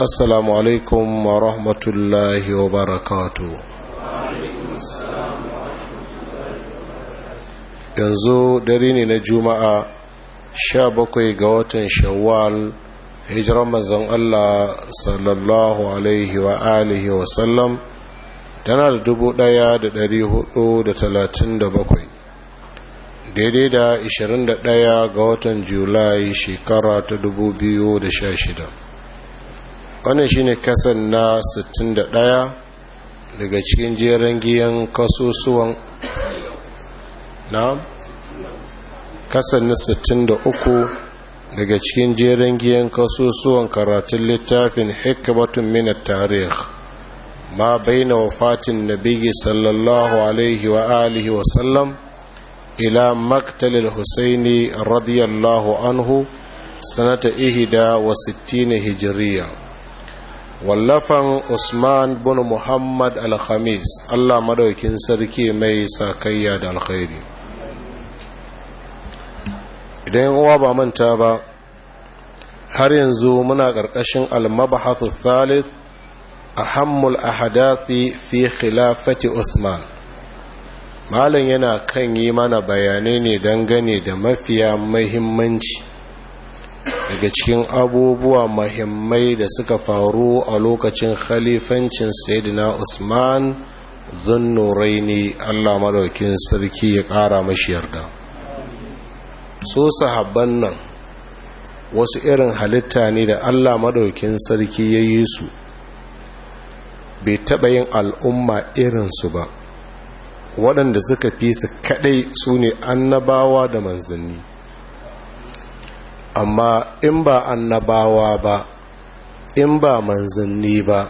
assalamu alaikum wa rahmatullahi wa barakatu yanzu dare ne na juma'a sha bakwai ga watan shawwal hijiran manzon Allah sallallahu alaihi wa alihi wa sallam tana da dubu da dari hudu da talatin da bakwai daidai da ishirin da ga watan julai shekara ta dubu biyu da sha shida wannan shine kasan na 61 daga cikin jerin giyan kasusuwan na kasan na 63 daga cikin jerin giyan kasusuwan karatun littafin hikmatun min tarih ma baina wafatin nabiyyi sallallahu alaihi wa alihi wa sallam ila maktalil husaini radiyallahu anhu sanata ihda wa 60 hijriya wallafan usman bin muhammad al-khamis allah madaukin sarki mai sakayya da alkhairi idan uwa ba manta ba har yanzu muna ƙarƙashin al-mabahathu thalith ahammul ahadathi fi khilafati usman malam yana kan yi mana bayanai ne dangane da mafiya mahimmanci daga cikin abubuwa mahimmai da suka faru a lokacin khalifancin sayyidina usman ne allah madaukin sarki ya ƙara mashi yarda so sahabban nan wasu irin halitta ne da allah madaukin sarki ya yi su bai taɓa yin al'umma irinsu ba waɗanda suka fi su kaɗai su ne annabawa da manzanni amma in ba annabawa ba in ba manzanni ba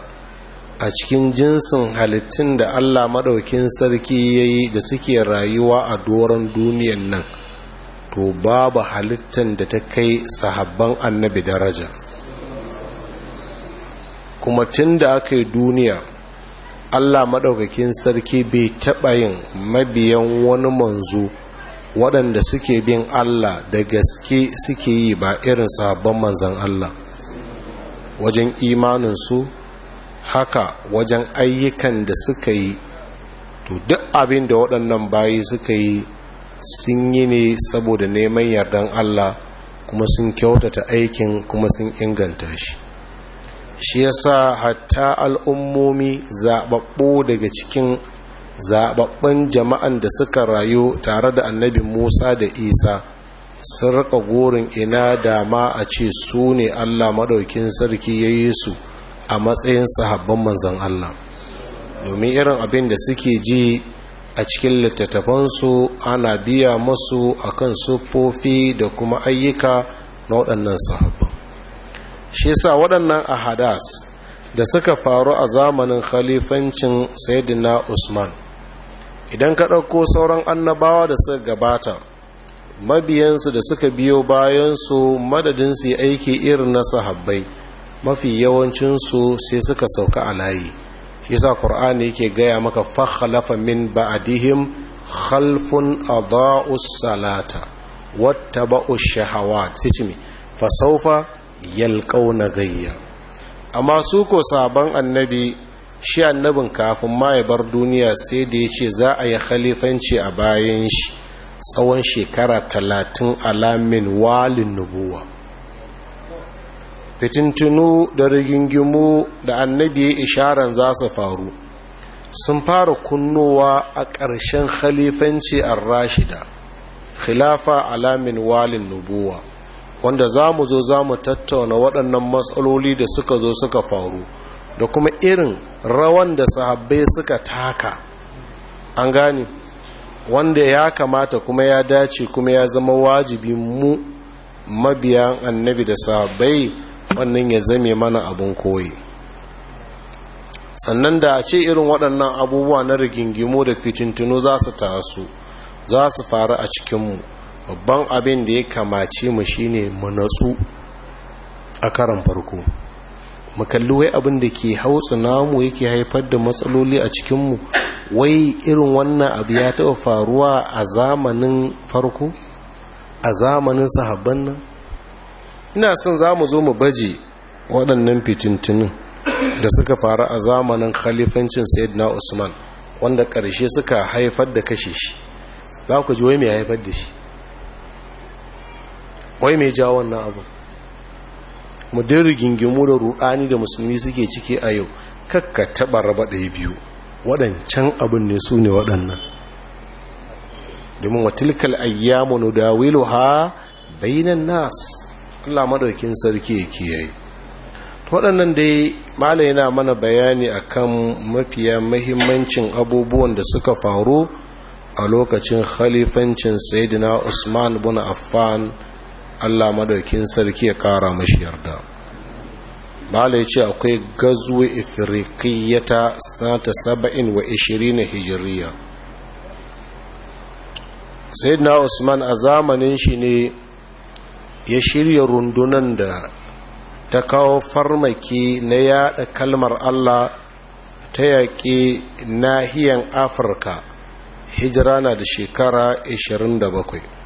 a cikin jinsin halittun da allah maɗaukin sarki ya yi da suke rayuwa a doron duniyan nan to babu halittun da ta kai sahabban annabi daraja kuma tun da aka yi duniya allah maɗaukakin sarki bai taɓa yin mabiyan wani manzo waɗanda suke bin Allah da gaske suke yi ba irin sabon manzan Allah wajen imaninsu haka wajen ayyukan da suka yi to duk abin da waɗannan bayi suka yi sun yi ne saboda neman yardan Allah kuma sun kyautata aikin kuma sun inganta shi shi yasa hatta al'ummomi zaɓaɓɓo daga cikin zababben jama'an da suka rayu tare da annabi musa da isa sun rika gorin ina dama a ce su ne allah maɗaukin sarki ya yi su a matsayin sahabban manzan allah domin irin abin da suke ji a cikin littattafansu ana biya masu akan siffofi da kuma ayyuka na waɗannan sahabban shi sa waɗannan ahadas da suka faru a zamanin khalifancin sayyidina usman idan ka ɗauko sauran annabawa da suka gabata mabiyansu da suka biyo bayansu madadin su aiki irin na sahabbai mafi yawancinsu sai suka sauka a layi shi sa ƙur'ani yake gaya maka fahalafa min ba'adihim khalfun adaa'us salata wata ba'u-shahawa. ce fasaufa na gayya amma su ko sabon annabi shi annabin kafin ma ya bar duniya sai da ya ce za a yi khalifanci a bayan shi tsawon shekara talatin alamin walin nubuwa fitintunu da rigingimu da annabi ya isharan za su faru sun fara kunnowa a ƙarshen khalifanci a rashida khilafa alamin walin nubuwa wanda za mu zo za mu tattauna waɗannan matsaloli da suka zo suka faru da kuma irin rawan da sahabbai suka taka an gane wanda ya kamata kuma ya dace kuma ya zama wajibi mu mabiyan annabi da sahabbai wannan ya zame mana abun koyi sannan da a ce irin waɗannan abubuwa na rigingimu da fitintunu za su taso za su faru a cikinmu babban abin da ya kamace mu shine mu natsu a karan farko mu kalli wai abin da ke hautsu namu yake haifar da matsaloli a cikinmu wai irin wannan abu ya taɓa faruwa a zamanin farko a zamanin sahabban nan ina son za mu zo mu baje waɗannan fitintunin da suka faru a zamanin khalifancin na usman wanda ƙarshe suka haifar da kashe shi za ku ji wai mai haifar da shi wai mai ja wannan abu mu dai rigingimu da ruɗani da musulmi suke ciki a yau kakka taɓa raba ɗaya biyu waɗancan abin ne su ne waɗannan domin watilkal ayyamu nudawilu ha bainan nas Allah madaukin sarki ya kiyaye waɗannan dai mala yana mana bayani akan mafiya mahimmancin abubuwan da suka faru a lokacin khalifancin sayyidina Usman bin Affan Allah madaukin sarki ya kara mashi yarda malai ya ce akwai gazuwa ifirikiyata sanata saba'in wa ishirin hijiriya na usman a zamanin shi ne ya shirya rundunan da ta kawo farmaki na yada kalmar allah ta yaƙi nahiyan afirka hijira na da shekara 27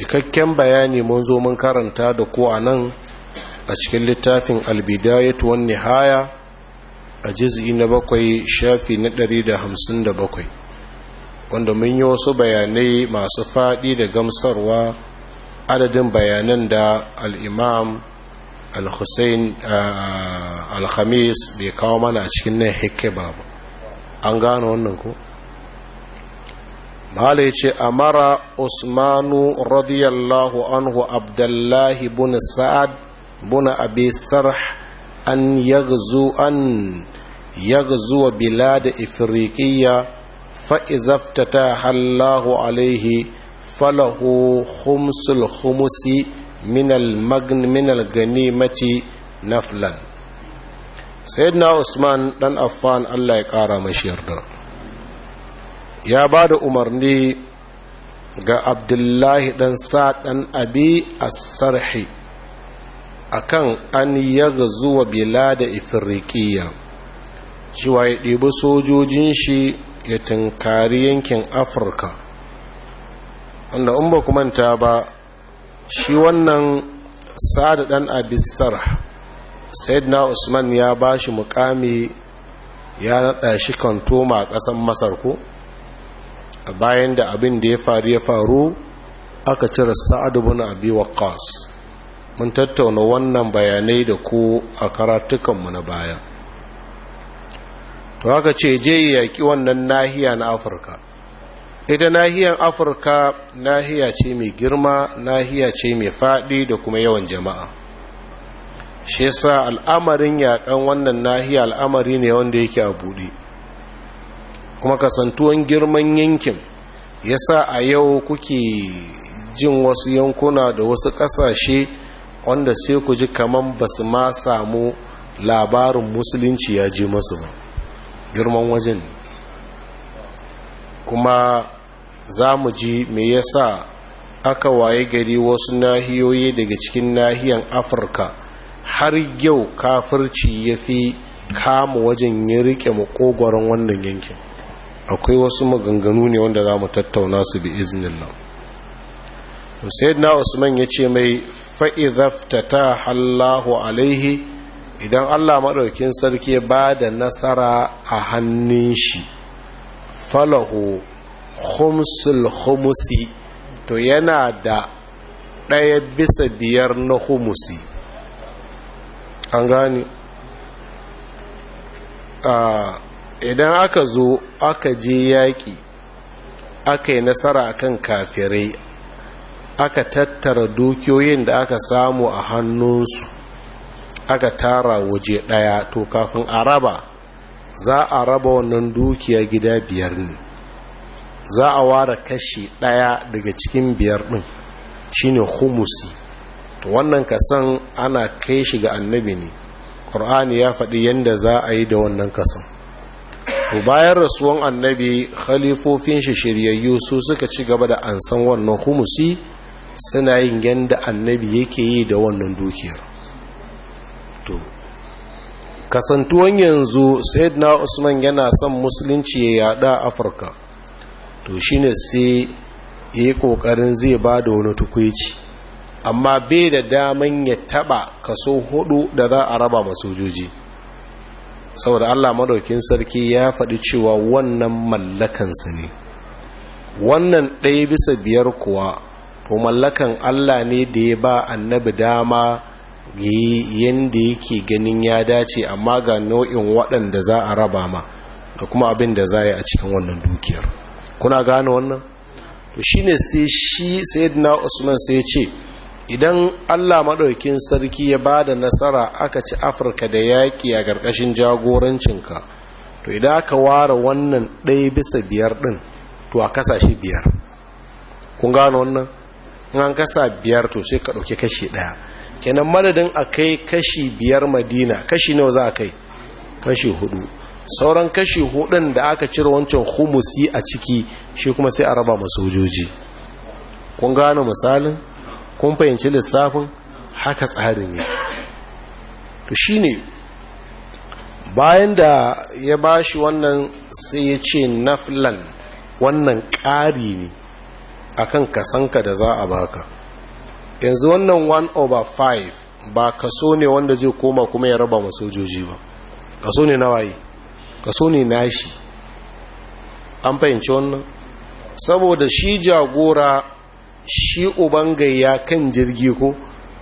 cikakken bayani mun zo mun karanta da ku a nan a cikin littafin albidayatu wan nihaya a juz'i na bakwai shafi na ɗari da hamsin da bakwai wanda mun yi wasu bayanai masu faɗi da gamsarwa adadin bayanan da al'imam al-hussein al-khamis bai kawo mana a cikin nan hikke babu. an gano wannan ko? mahala ya ce amara usmanu radiyallahu anhu abdullahi bin sa'ad bin abi sarh an yagzu an yagzu bilad ifriqiyya fa izaftata hallahu alaihi falahu khumsul khumusi min al magn min al ganimati naflan sayyidina usman dan affan Allah ya kara mashi yarda ya ba da umarni ga abdullahi ɗan saɗan abi a sarhi kan an yaga zuwa da ifirikiya cewa ya ɗibi sojojin shi ya tunkari yankin afirka wanda umba ba manta ba shi wannan sa'ad ɗan abisar na usman ya ba shi mukami ya naɗa shi kantoma a ƙasar masar ko bayan da abin da ya faru ya faru aka cire sa'ad bin abi waqas mun tattauna wannan bayanai da ku a karatukanmu na baya to haka ce je yaki wannan nahiya na afirka ita nahiyan afirka nahiya ce mai girma nahiya ce mai faɗi da kuma yawan jama'a shi yasa al'amarin yaƙan wannan nahiya al'amari ne wanda yake a buɗe kuma kasantuwan girman yankin ya sa a yau kuke jin wasu yankuna da wasu ƙasashe wanda sai ku ji kaman ba su ma samu labarin musulunci ya ji masu ba girman wajen kuma za mu ji me yasa aka waye gari wasu nahiyoyi daga cikin nahiyan afirka har yau kafirci ya fi kama wajen ya rike makogoron wannan yankin akwai wasu maganganu ne wanda za mu tattauna su bi iznillah na usman ya ce mai fa'izaftata hallahu alaihi idan allah maɗaukin sarki ba da nasara a hannun shi falahu khumsul humusi to yana da ɗaya bisa biyar na humusi an gani a ah, idan aka zo aka je yaƙi aka yi nasara akan kafirai aka tattara dukiyoyin da aka samu a hannunsu aka tara waje ɗaya to kafin a raba za a raba wannan dukiya gida biyar ne za a ware kashi ɗaya daga cikin biyar ɗin shine humusi to wannan kasan ana kai shi ga annabi ne ƙur'ani ya faɗi yadda za a yi da wannan kasan bayan rasuwan annabi khalifofin shi shiryayyu su suka ci gaba da ansan wannan humusi suna yin yadda annabi yake yi da wannan dukiyar to kasantuwan yanzu na usman yana son musulunci ya yada afirka to shine sai ya yi kokarin zai ba da wani tukwici amma bai da daman ya taba kaso hudu da za a raba masojoji saboda Allah madaukin sarki ya faɗi cewa wannan mallakansu ne wannan ɗaya bisa biyar kuwa to mallakan Allah ne da ya ba annabi dama yadda yake ganin ya dace amma ga nau'in waɗanda za a raba ma da kuma abin da za a yi a cikin wannan dukiyar kuna gane wannan to shine sai shi sayyidina usman sai ce idan allah maɗaukin sarki ya ba da nasara aka ci afirka da yaƙi a ƙarƙashin jagorancinka to idan aka ware wannan ɗaya bisa biyar ɗin to a kasashe biyar kun gano wannan in an kasa biyar to sai ka ɗauki kashi ɗaya kenan madadin a kai kashi biyar madina kashi nawa za a kai kashi hudu sauran kashi hudun da aka cire wancan humusi a ciki shi kuma sai a raba masojoji kun gano misalin kun fahimci lissafin haka tsari ne to shi ne bayan da ya ba shi wannan sai ya ce naflan wannan ƙari ne akan kasanka da za a baka yanzu wannan 1 over 5 ba kaso ne wanda zai koma kuma ya raba sojoji ba kaso ne nawaye kaso ne nashi an fahimci wannan saboda shi jagora shi uban gayya kan jirgi ko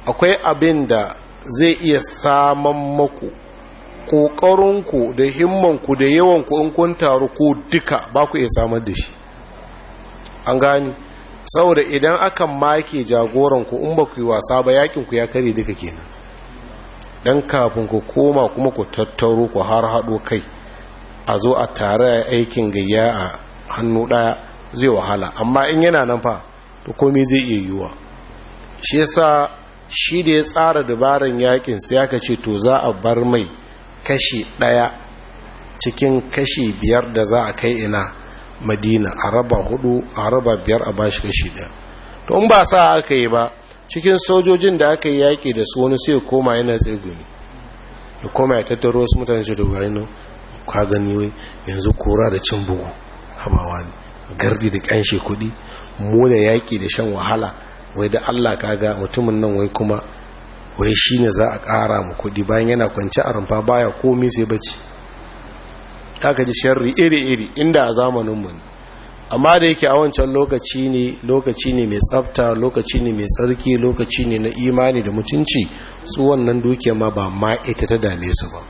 akwai abin da zai iya saman maku ƙoƙarinku da himmanku da yawanku in kun taru ko duka ba ku iya samar da shi an gani saboda idan aka make jagoranku in ba ku yi wasa ba yakinku ya kare duka kenan Dan kafin ku koma kuma ku tattaro ku har haɗo kai a zo a tare aikin gayya a hannu ɗaya zai wahala amma in yana nan fa to komai zai iya yiwuwa shi yasa shi da ya tsara dabaran yakin sai aka ce to za a bar mai kashi ɗaya cikin kashi biyar da za a kai ina madina a raba hudu a raba biyar a bashi kashi ɗaya to in ba sa aka yi ba cikin sojojin da aka yi yaki da su wani sai koma yana tsegumi ya koma ya tattaro wasu mutane ce to bayan ka gani wai yanzu kora da cin bugu habawa ne gardi da kanshe kuɗi mu da yaƙi da shan wahala wai da allah kaga mutumin nan wai kuma wai shi ne za a ƙara mu kuɗi bayan yana kwanci a rumfa baya komi sai bacci aka ji sharri iri-iri inda a zamaninmu ne amma da yake a wancan lokaci ne lokaci ne mai tsafta lokaci ne mai tsarki lokaci ne na imani da mutunci su wannan ma ba ma ita ta dame su ba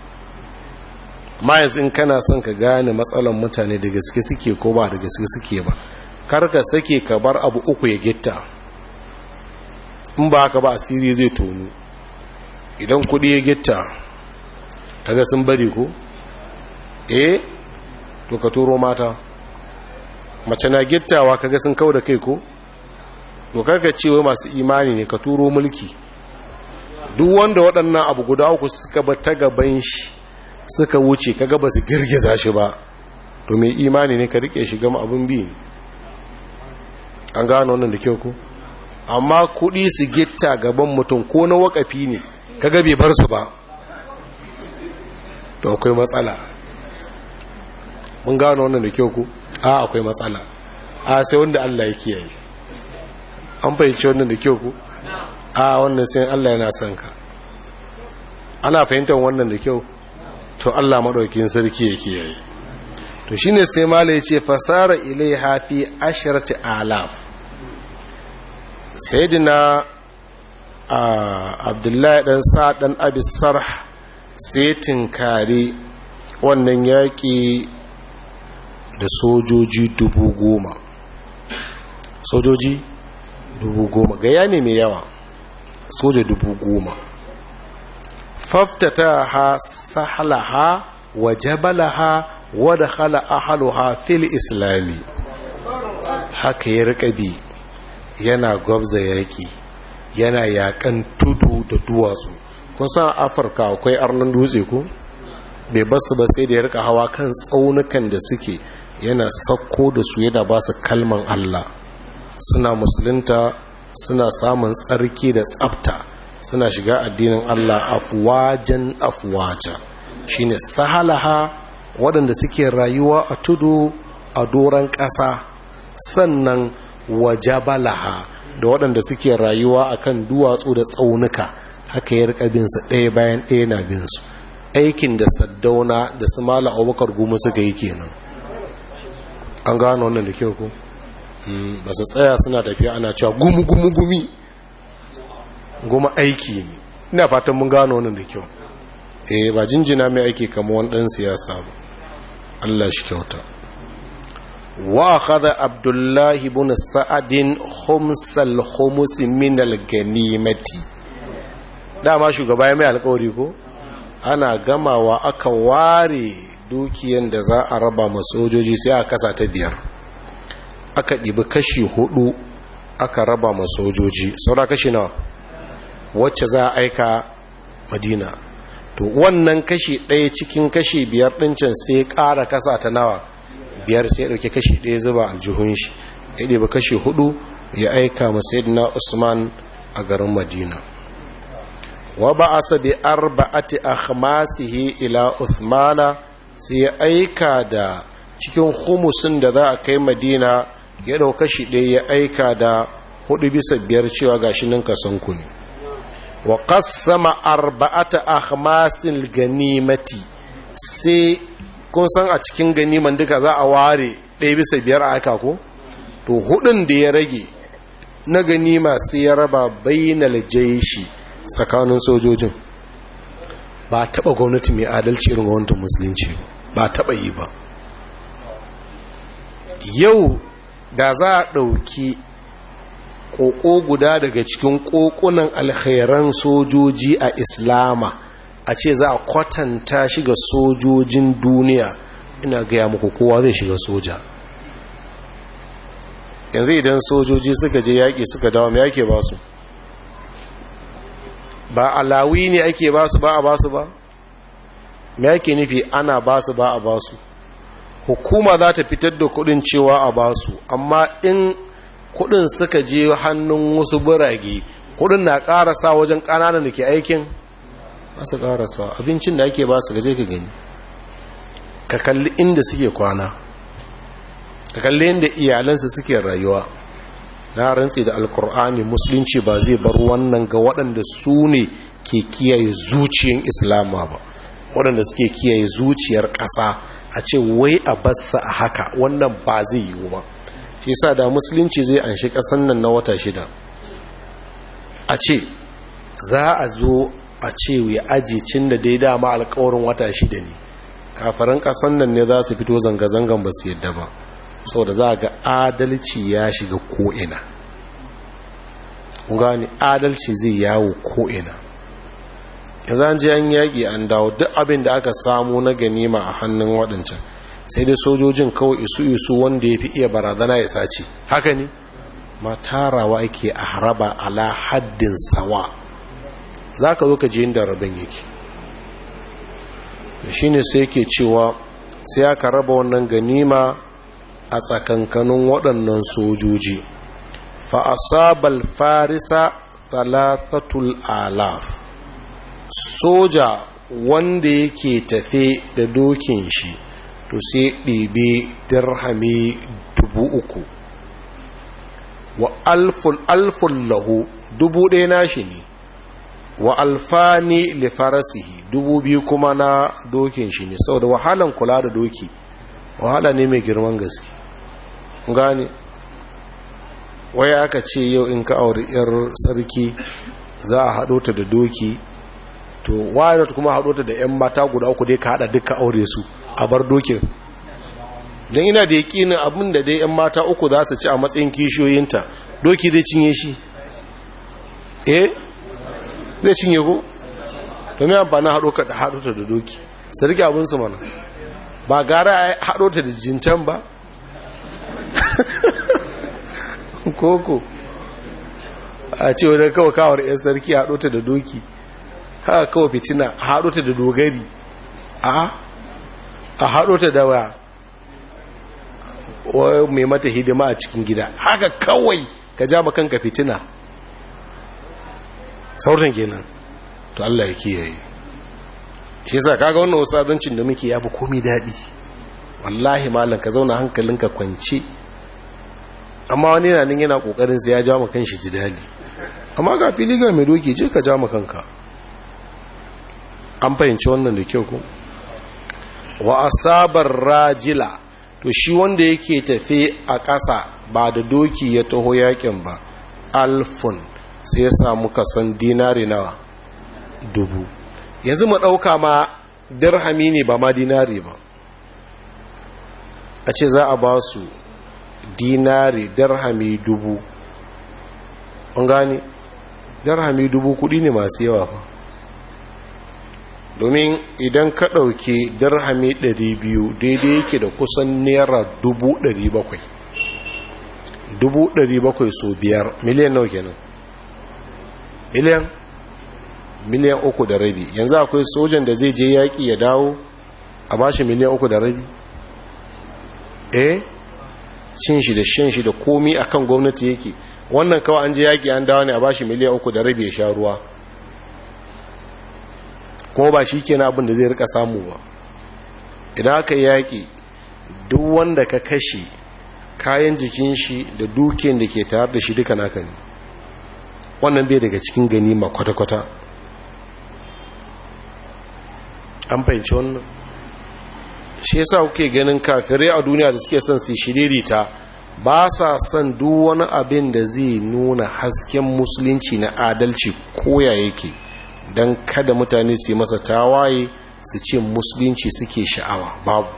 ma yanzu in kana son ka gane matsalan mutane da gaske suke ko ba da gaske suke ba karka sake ka bar abu uku ya gitta in ba ka ba asiri zai tonu idan kudi ya gitta kaga sun bari ko eh to ka turo mata mace na gittawa kaga sun kau da kai ko to karka cewa masu imani ne ka turo mulki duk wanda waɗannan abu guda uku suka ba ta gaban shi suka wuce kaga ba su girgiza shi ba to mai imani ne ka rike shi gama abin biyu an gano wannan da kyau ko amma kuɗi su gitta gaban mutum ko na wakafi ne kaga bai bar su ba to akwai matsala mun gano wannan da kyau ko a akwai matsala a sai wanda Allah ya kiyaye an fahimci wannan da kyau ko a wannan sai Allah yana son ka ana fahimtar wannan da kyau to Allah madaukakin sarki ya kiyaye to shi ne sai mala ya ce fasara ilai hafi ashirati alaf a abdullahi ɗan sa'adun abisar sai tinkari wannan yaƙi da sojoji dubu goma sojoji dubu goma gaya ne mai yawa soja dubu goma faftata ha sahala ha wajabala ha. wadda hala ahaluha fil islami haka ya rikabi yana gwabza yaƙi yana yaƙan tudu da duwatsu kun a afirka akwai arnan dutse ku? bai basu ba sai da ya rika hawa kan tsaunukan da suke yana sakko da su yana ba su kalman allah suna musulunta suna samun tsarki da tsafta suna shiga addinin allah afuwajen afuwaja shine sahalaha waɗanda suke rayuwa a tudu a doron ƙasa sannan balaha, da waɗanda suke rayuwa a kan duwatsu da tsaunuka haka ya rika binsa ɗaya bayan ɗaya na binsu aikin da saddauna da su mala abubakar goma suka yi kenan an gano wannan da kyau ko hmm, ba su tsaya suna tafiya ana cewa Gumi Gumi gumi goma aiki ne ina fatan mun gano wannan da kyau eh ba jinjina mai aiki kamar wani ɗan siyasa ba Allah shi kyauta wa akhadha abdullahi ibn sa'adin khumsal khumus min al ganimati dama shugaba ya mai alƙawari ko ana gamawa aka ware dukiyan da za a raba ma sojoji sai a kasa ta biyar aka ɗibi kashi hudu aka raba ma sojoji saura kashi nawa wacce za a aika madina to wannan kashi ɗaya cikin kashi biyar ɗincin sai ƙara kasa ta nawa biyar sai ya ɗauki kashi ɗaya zuba aljihun shi ya ɗiba kashi hudu ya aika na usman a garin madina wa ba a sabi arba'ati a hamasihi ila usmana sai ya aika da cikin humusin da za a kai madina ya ɗau kashi ɗaya ya aika da hudu bisa biyar cewa gashi nan kasan kuni wa qassama arba'ata akhmasil ganimati sai kun san a cikin ganiman duka za a ware ɗaya bisa biyar a aka ko to hudun da ya rage na ganima sai ya raba bainal jaishi tsakanin sojojin ba taba gwamnati mai adalci irin wanda musulunci ba taba yi ba yau da za a ɗauki ƙoƙo guda daga cikin ƙoƙunan alkhairan sojoji a islama a ce za a kwatanta shiga sojojin duniya ina gaya muku kowa zai shiga soja yanzu idan sojoji suka je yaƙi suka dawo mai ake ba su ba alawi ne ake ba su ba a ba su ba mai ake nufi ana ba su ba a ba su hukuma za ta fitar da kudin cewa a ba su amma in kudin suka je hannun wasu birage kudin na karasa wajen kananan da ke aikin masu karasa abincin da ake ba su gaje ka gani ka kalli inda suke kwana ka kalli inda iyalansu suke rayuwa na rantsi da alkur'ani musulunci ba zai bar wannan ga waɗanda su ne ke kiyaye zuciyar islama ba waɗanda suke kiyaye zuciyar ƙasa a ce wai a bassa a haka wannan ba zai yiwu ba yasa da musulunci zai anshi kasan nan na wata shida a ce za a zo a ce ya aji cin da dai dama alkawarin wata shida ne kafaran kasan nan ne za su fito zanga-zangan ba su yadda ba sau da za ga adalci ya shiga ko'ina gani adalci zai yawo ko'ina ya ji an yaƙi an dawo duk abin da aka samu na ganima a hannun waɗancan sai dai sojojin kawai isu isu wanda ya fi iya barazana ya sace haka ne ma tarawa ake a haraba ala haddin sawa za ka zo ka je inda rabin yake da shi ne sai ke cewa sai ka raba wannan ganima a tsakankanin waɗannan sojoji fa'asabal farisa talatatul alaf soja wanda yake tafe da dokin shi to sai ɗebe dirhami dubu uku wa alfun alfun lahu dubu ɗaya nashi ne wa alfani li dubu biyu kuma na dokin shi ne saboda wahalan kula da doki wahala ne mai girman gaske gani waya aka ce yau in ka auri yar sarki za a haɗo ta da doki to wayar kuma haɗo ta da 'yan mata guda uku dai ka haɗa duka aure su a bar dokin don ina da yaƙinin abin da dai 'yan mata uku za su ci a matsayin kishiyoyinta doki zai cinye shi eh zai cinye ko domin amfani haɗo ka haɗo ta da doki su rike abinsu mana ba gara a haɗo ta da jincan ba koko a ce wani kawai kawar 'yan sarki haɗo ta da doki haka kawai fitina haɗo ta da dogari a a haɗo ta dawa mai mata hidima a cikin gida haka kawai ka ja ka fitina saurin kenan to Allah ya kiyaye shi sa kaga wannan wasabincin da muke yafi komi daɗi wallahi malam ka zauna hankalinka kwance amma wani yana nan yana kokarin sai ya ja shi ji daɗi amma ga fili ga mai doki je ka ja kanka an fahimci wannan da kyau ko wa asabar rajila to shi wanda yake tafe a ƙasa ba da doki ya taho yakin ba alfun sai ya samu kasan dinari nawa dubu yanzu mu ɗauka ma dirhami ne ba ma dinari ba a ce za a ba su dinari dirhami dubu an gani dirhami dubu kudi ne masu yawa ba. domin idan ka ɗauke dirhami 200 daidai yake da kusan naira 700 700 so biyar miliyan nau kenan miliyan miliyan uku da rabi yanzu akwai sojan da zai je yaƙi ya dawo a bashi miliyan uku da rabi eh cin shi da shan shi da komi akan gwamnati yake wannan kawai an je yaƙi an dawo ne a bashi miliyan uku da rabi ya sha ruwa kuma ba shi kenan abin da zai rika samu ba idan aka yaƙi duk wanda ka kashe kayan jikin shi da dukiyar da ke tare da shi duka naka ne wannan bai daga cikin gani ma kwata-kwata an fahimci wannan shi yasa kuke ganin kafirai a duniya da suke son su shiriri ta ba sa son duk wani abin da zai nuna hasken musulunci na adalci koya yake don kada mutane su masa tawaye su ce musulunci suke sha'awa babu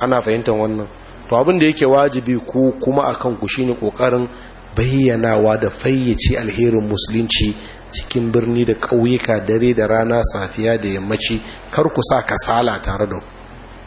ana fahimtar wannan to abinda yake wajibi ko kuma akan ku shine kokarin bayyanawa da fayyace alherin musulunci cikin birni da ƙauyuka dare da rana safiya da yammaci kar ku sa kasala tare da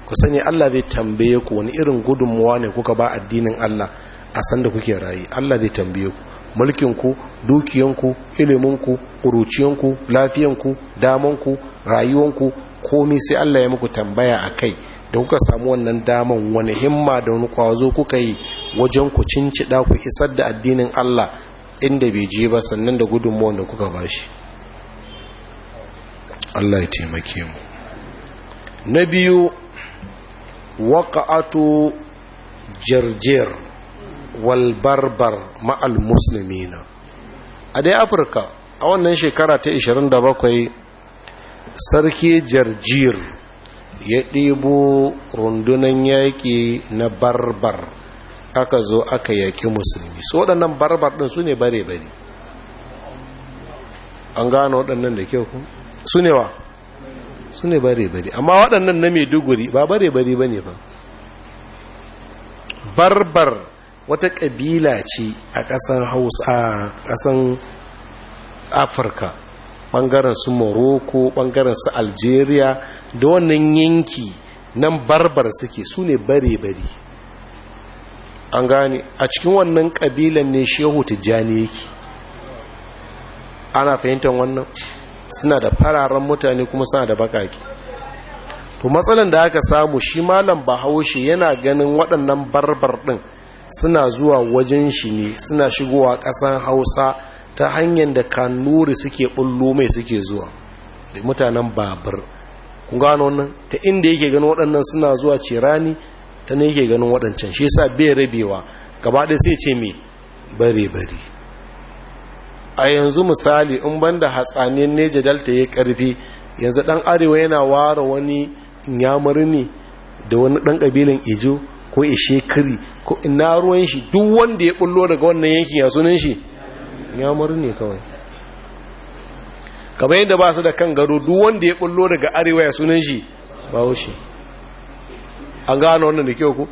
ku sani Allah zai tambaye ku wani irin gudunmuwa ne kuka ba addinin Allah a sanda kuke rayu Allah zai tambaye ku mulkinku dukiyanku iliminku ƙuruciyanku lafiyanku damanku rayuwanku komai sai Allah ya muku tambaya a kai da kuka samu wannan daman wani himma da wani kwazo kuka yi wajen ku cincida ku isar da addinin Allah inda bai je ba sannan da gudunmuwan da kuka bashi Allah ya taimake mu na biyu waƙa'atu jarjir walbarbar ma'al musulmi na a dai afirka a wannan shekara ta 27 sarki jarjir ya ɗebo rundunan yaƙi na barbar aka zo aka yaƙi musulmi su waɗannan barbar ɗin su ne bare-bare an gano waɗannan da kyau ku su ne wa su ne bare-bare amma waɗannan na duguri ba bare-bare ba ne ba barbar wata ƙabila ce a ƙasar hausa ƙasar afirka ɓangaren su morocco ɓangaren su algeria da wannan yanki nan barbar suke su ne bare-bare an gane a cikin wannan ƙabilan ne shehu tijjani yake ana fahimtar wannan suna da fararen mutane kuma suna da bakaki to matsalan da aka samu shi malam bahaushe yana ganin waɗannan barbar ɗin suna zuwa wajen shi ne suna shigowa ƙasan hausa ta hanyar da kanuri suke bullo mai suke zuwa da mutanen babur kun gano wannan ta inda yake ganin waɗannan suna zuwa cirani ta ne yake ganin waɗancan shi sa bai rabewa gaba ɗaya sai ce mai bare bare a yanzu misali in banda hatsaniyar neja dalta ya karfi yanzu ɗan arewa yana ware wani yamuri da wani ɗan ƙabilan ijo ko ishekiri ko ruwan shi duk wanda ya bullo daga wannan yankin ya sunan shi ya ne kawai kamar yadda ba su da kan gado duk wanda ya bullo daga arewa ya sunan shi ba wuce. an gano wannan da kyau ku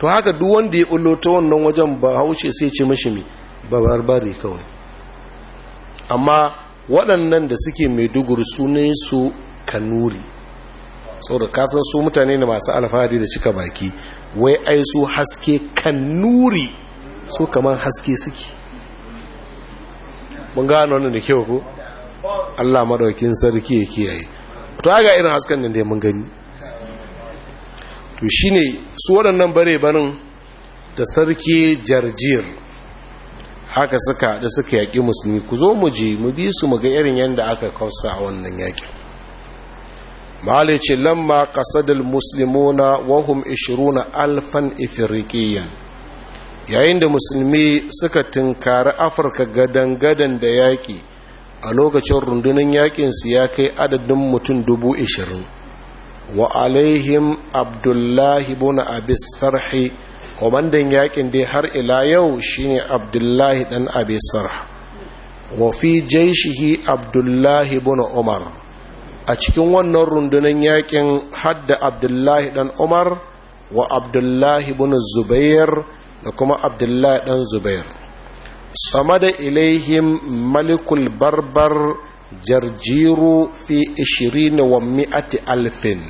to haka duk wanda ya bullo ta wannan wajen ba bahaushe sai ce mashi ba babarbare kawai amma waɗannan da suke mai dugur sunan su kanuri sau da kasan su mutane ne masu alfahari da cika baki wai ai su haske kan nuri su kamar haske suke mun gano wannan da kyau ko Allah madaukin sarki ya kiyaye to ga irin hasken nan da mun gani to shine su waɗannan bare barin da sarki jarjir haka suka da suka yaki musulmi ku zo mu je mu bi su mu ga irin yanda aka kausa a wannan yakin malai ce lamma kasadul musulmuna wahum ishiruna alfan ifirikiyan yayin da musulmi suka tunkari afirka gadan-gadan da yaƙi a lokacin rundunar yaƙinsu ya kai adadin mutum dubu ishirin wa alaihim abdullahi buna abis sarhi kwamandan yaƙin dai har ila yau shine abdullahi ɗan abis sarh wa fi abdullahi buna umar a cikin wannan rundunar yakin hadda abdullahi dan umar wa abdullahi bin zubair da kuma abdullahi dan zubair sama da ilaihim malikul barbar jarjiru fi ishirin wa mi'ati alfin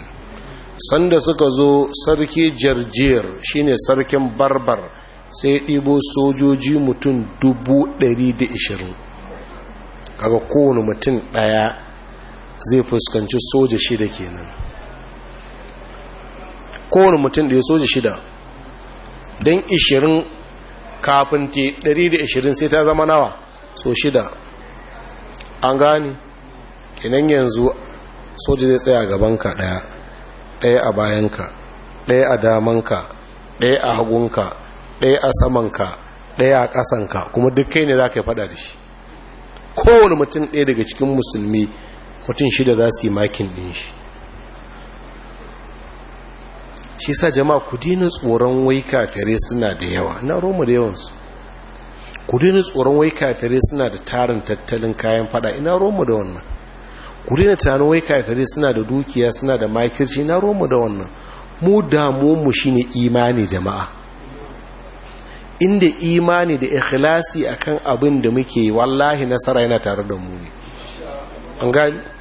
sanda suka zo sarki jarjir shine sarkin barbar sai ɗibo sojoji mutum dubu ɗari da ishirin kaga kowane mutum ɗaya zai fuskanci soja shida kenan kowane mutum da ya soja shida don ishirin kafin te 120 sai ta zama nawa so shida an gani inan yanzu soja zai tsaya gabanka daya daya a bayanka daya a daman ka, daya a hagunka daya a saman ka, daya a kasanka kuma duk kai ne za ka yi fada da shi kowane mutum ɗaya daga cikin musulmi mutum shida za su yi makin ɗin shi shi sa jama'a ku dina tsoron wai kafirai suna da yawa na roma da yawansu ku dina tsoron wai kafirai suna da tarin tattalin kayan fada ina roma da wannan ku dina tarin wai kafirai suna da dukiya suna da makirci ina roma da wannan mu damu shi ne imani jama'a inda imani da ikhlasi akan abin da muke wallahi nasara yana tare da mu ne an gani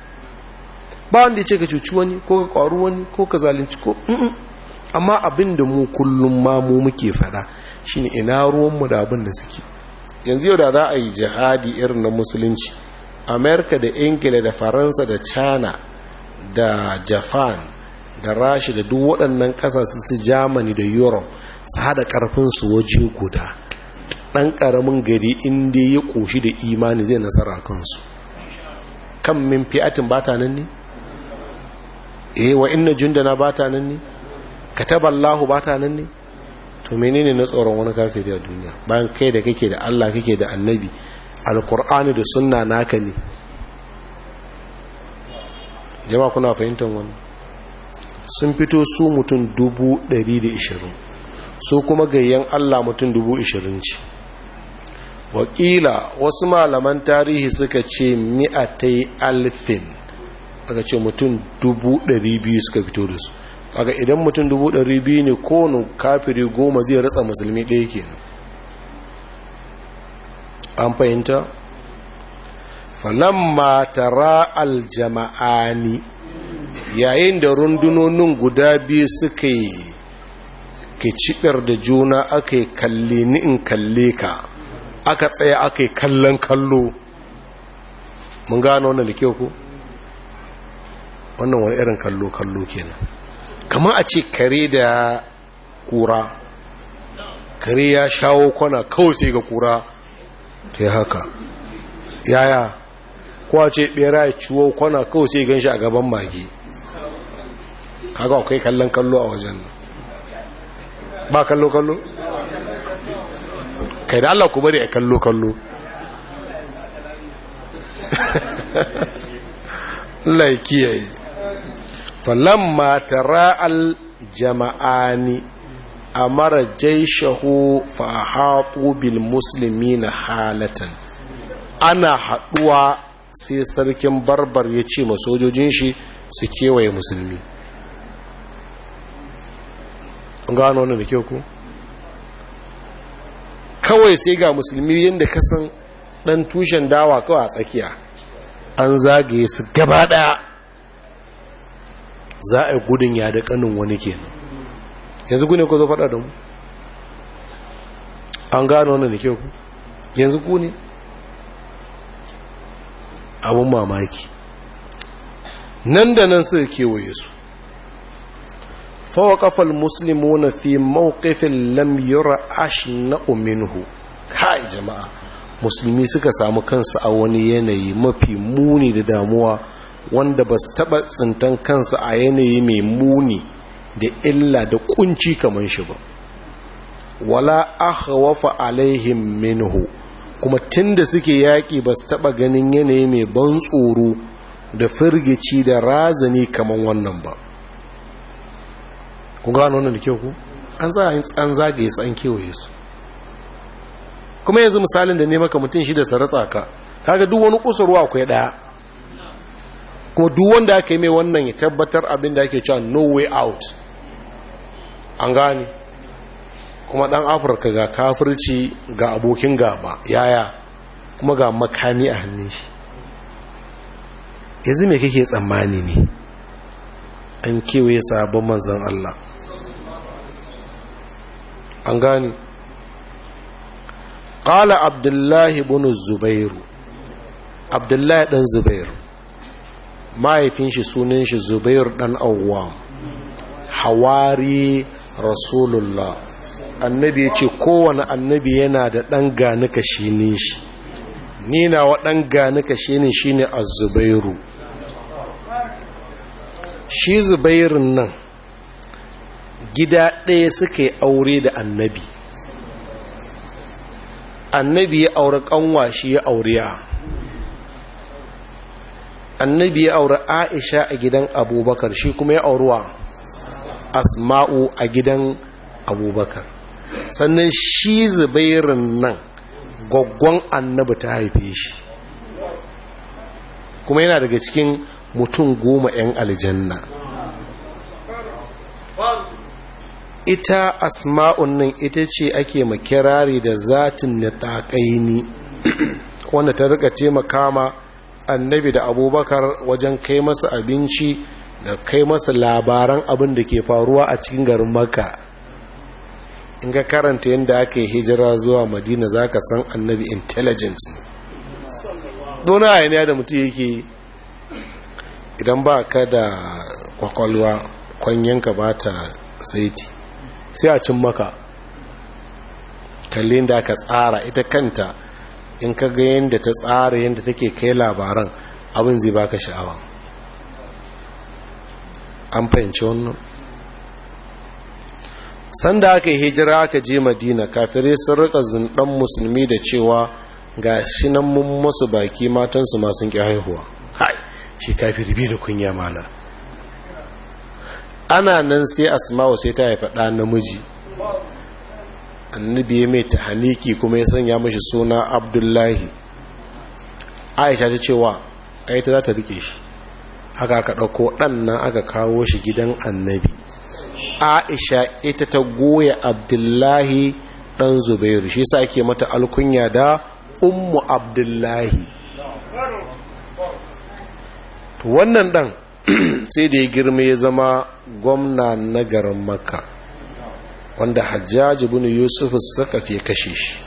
ba wanda ya ce ka cuci wani ko ka ƙwaru wani ko ka zalunci ko amma abin da mu kullum ma mu muke fada ne ina ruwanmu da abin da suke yanzu yau da za a yi jihadi irin na musulunci amerika da ingila da faransa da china da japan da rashi da duk waɗannan ƙasashe su germany da europe su haɗa su waje guda ɗan ƙaramin gari inda ya ƙoshi da imani zai nasara kansu kan min fi'atin ba ta nan ne eh wa inna jundana ba ta nan ne kataballahu ba ta nan ne to menene na tsoron wani kafiri a duniya bayan kai da kake da Allah kake da annabi alqur'ani da sunna naka ne jama'a kuna fahimtar wannan sun fito su mutum 120 su kuma gayyan Allah mutum 20 ce wakila wasu malaman tarihi suka ce mi'atai alfin aka ce mutum dubu suka fito da su kaga idan mutum dubu ne kowane kafiri goma zai ratsa musulmi ɗaya kenan an fahimta falamma tara aljama'ani yayin da rundunonin guda biyu suka yi ke cibiyar da juna aka yi kalli ni in kalle ka aka tsaya aka yi kallon kallo mun gano wannan da kyau ku wannan wani irin kallo-kallo kenan kama a ce kare da kura kare ya shawo kwana kawai sai ga kura ta yi haka yaya a ce bera ya ciwo kwana kawai sai gan shi a gaban mage kaga akwai kallon kallo a wajen ba kallo-kallo kai da Allah ku bari a kallo-kallo Allah ya falamma tara'al jama'ani amara jaishahu fa haƙo bil musulmi na halatan ana haɗuwa sai sarkin barbar ya ce ma sojojin shi su kewaye musulmi gano wani da kyau ku kawai sai ga musulmi yadda kasan ɗan tushen dawa kawai a tsakiya an zagaye su gaba ɗaya za a yi gudun ya da kanin wani kenan yanzu ku ne ku zo faɗa da mu an gano wannan da ke ku yanzu ku ne abun mamaki nan da nan suka kewaye su kafal muslimu na fi mawukafin lamyura na minhu kai jama'a musulmi suka samu kansu a wani yanayi mafi muni da damuwa wanda ba su taɓa tsintan kansa a yanayi mai muni da illa da kunci kamar shi ba wala akhwafa alaihim minhu kuma tun da suke yaƙi ba su taɓa ganin yanayi mai ban tsoro da firgici da razani kamar wannan ba ku gano wannan da kyau ku an za tsan zagaye tsan kewaye su kuma yanzu misalin da ne maka mutum shi da saratsa ka kaga duk wani kusurwa akwai ɗaya ko duk wanda aka mai wannan ya tabbatar abin da ake cewa no way out an gane kuma dan afirka ga kafirci ga abokin gaba yaya kuma ga makami a hannun shi yanzu me kake tsammani ne an kewaye sabon manzan Allah an gane قال عبد الله بن الزبير عبد الله بن mahaifin shi sunan shi zubair dan auwa, hawari rasulullah annabi ya ce kowane annabi yana da ɗan gani kashinin shi ni na wa ɗan gani kashinin shi ne a zubairu shi zubairun nan gida ɗaya suka yi aure da annabi annabi ya aure kanwa shi ya aure ya annabi ya auri aisha a gidan abubakar shi kuma ya auruwa asma'u a gidan abubakar sannan shi Zubairun nan gwaggon annabi ta haife shi kuma yana daga cikin mutum goma 'yan aljanna ita asma'un nan ita ce ake makirari da zatin na ɗaƙaini wanda ta rika taimaka ma annabi da abubakar wajen kai masa abinci da kai masa labaran abin da ke faruwa a cikin garin maka in ka karanta yadda aka yi hijira zuwa madina za ka san annabi intelligent dona yana da mutum yake idan ba ka da kwakwalwa ka ba ta saiti sai a cin maka kalli da aka tsara ita kanta in ka ga yadda ta tsara yadda take kai labaran abin zai baka sha'awa an fahimci wannan sanda aka yi hijira aka je madina kafirai sun rika zindan musulmi da cewa ga shi nan mun masu baki matansu masu ƙi haihuwa hai shi kafiri bi da kunya mana ana nan sai asma'u sai ta haifa ɗa namiji annabi ya mai tahaliki kuma ya sanya mashi suna abdullahi aisha ta cewa ai ta za ta rike shi haka ka ɗauko ɗan nan aka kawo shi gidan annabi aisha ita ta goya abdullahi ɗan zubairu shi sa ake mata alkunya da ummu abdullahi wannan ɗan sai da ya girma ya zama gwamna na garin makka wanda Hajjaji ibn yusuf fi kashe shi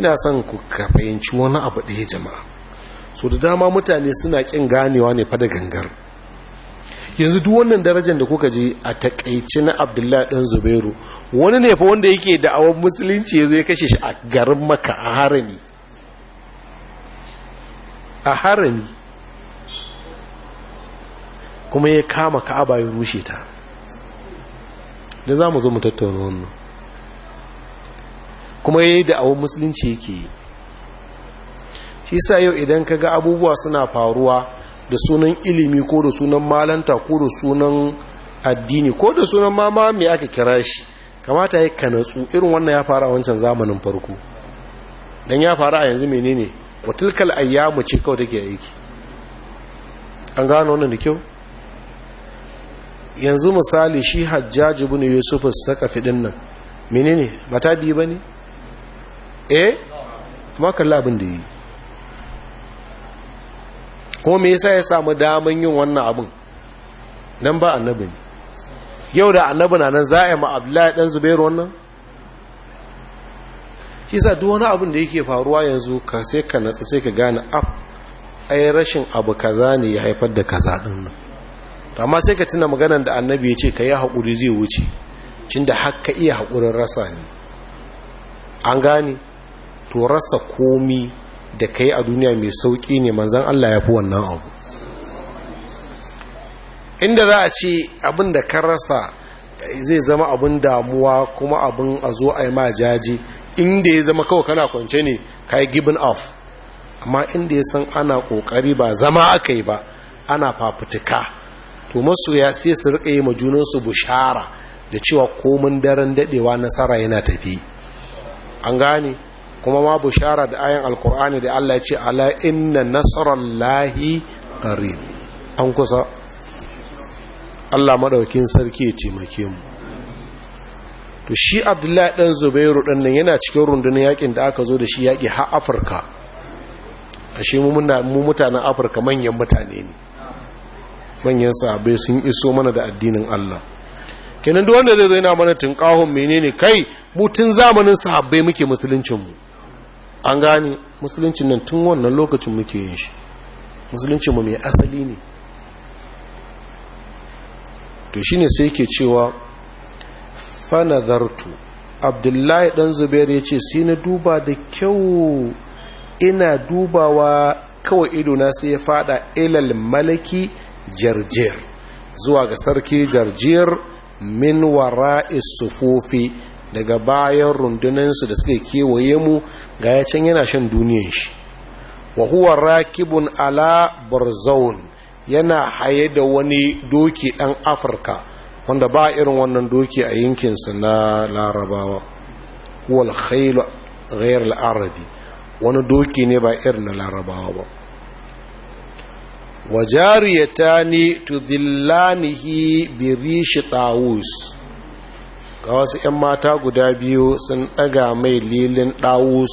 ina son ku fahimci wani abu ɗaya jama'a so da dama mutane suna ƙin ganewa ne fada gangar yanzu duk wannan darajar da kuka ji a takaici na abdullahi ɗan zubairu wani ne fa wanda yake da'awar musulunci ya zo kashe shi a garin maka a harami a harami kuma ya kama ka'aba ya rushe ta da za mu zo mu tattauna wannan kuma yayi da awon musulunci yake yi shi sa yau idan ka ga abubuwa suna faruwa da sunan ilimi ko da sunan malanta ko da sunan addini ko da sunan mama mai aka kira shi kamata ya ka natsu irin wannan ya fara wancan zamanin farko dan ya fara a yanzu menene watilkal ayyamu ce kawai take aiki an gano wannan da kyau yanzu misali shi hajjaji bin yusuf saka fidin nan menene mata biyu bane eh kuma kalla abin da yi ko me yasa ya samu daman yin wannan abin dan ba annabi ne yau da annabi na nan za a yi ma abdullahi dan zubairu wannan shi sa duk wani abin da yake faruwa yanzu ka sai ka natsa sai ka gane ab ai rashin abu kaza ne ya haifar da kaza din nan amma sai ka tuna magana da annabi ya ce ka yi haƙuri zai wuce cin da haka iya haƙurin rasa ne an gane to rasa komi da ka yi a duniya mai sauƙi ne manzan Allah ya fi wannan abu inda za a ce abin da ka rasa zai zama abin damuwa kuma abin a zo a yi ma inda ya zama kawai kana kwance ne ka yi gibin off amma inda ya san ana ƙoƙari ba zama aka yi ba ana fafutuka to masoya sai su riƙe yi majunansu bushara da cewa komin daren daɗewa nasara yana tafi an gane kuma ma bushara da ayan alkur'ani da Allah ya ce ala inna lahi ƙari an kusa Allah maɗaukin sarki ya taimake mu to shi Abdullahi ɗan Zubairu ɗan nan yana cikin rundunar yakin da aka zo da shi yaƙi ha Afirka ashe shi mu mutanen Afirka manyan mutane ne manyan sahabai sun iso mana da addinin Allah kenan duk wanda zai zo yana mana tunkahun menene kai mu tun zamanin sahabbai muke musuluncin mu an gane musuluncin nan tun wannan lokacin muke yin shi musuluncin mu mai asali ne to shine sai yake cewa fanadartu abdullahi dan zubair ce sai na duba da kyau ina dubawa kawai ido na sai ya fada ilal malaki jarjir zuwa ga sarki jarjir min wara sufufi daga bayan rundunansu da suke kewaye mu ga ya can yana shan duniyan shi wa huwa rakibun ala barzaun yana haye da wani doki ɗan afirka wanda ba irin wannan doki a yankinsa na larabawa huwa al-khayl ghayr arabi wani doki ne ba irin na larabawa ba wa jariyatani tudhillanihi bi rishi ga wasu 'yan mata guda biyu sun ɗaga mai lilin ɗawus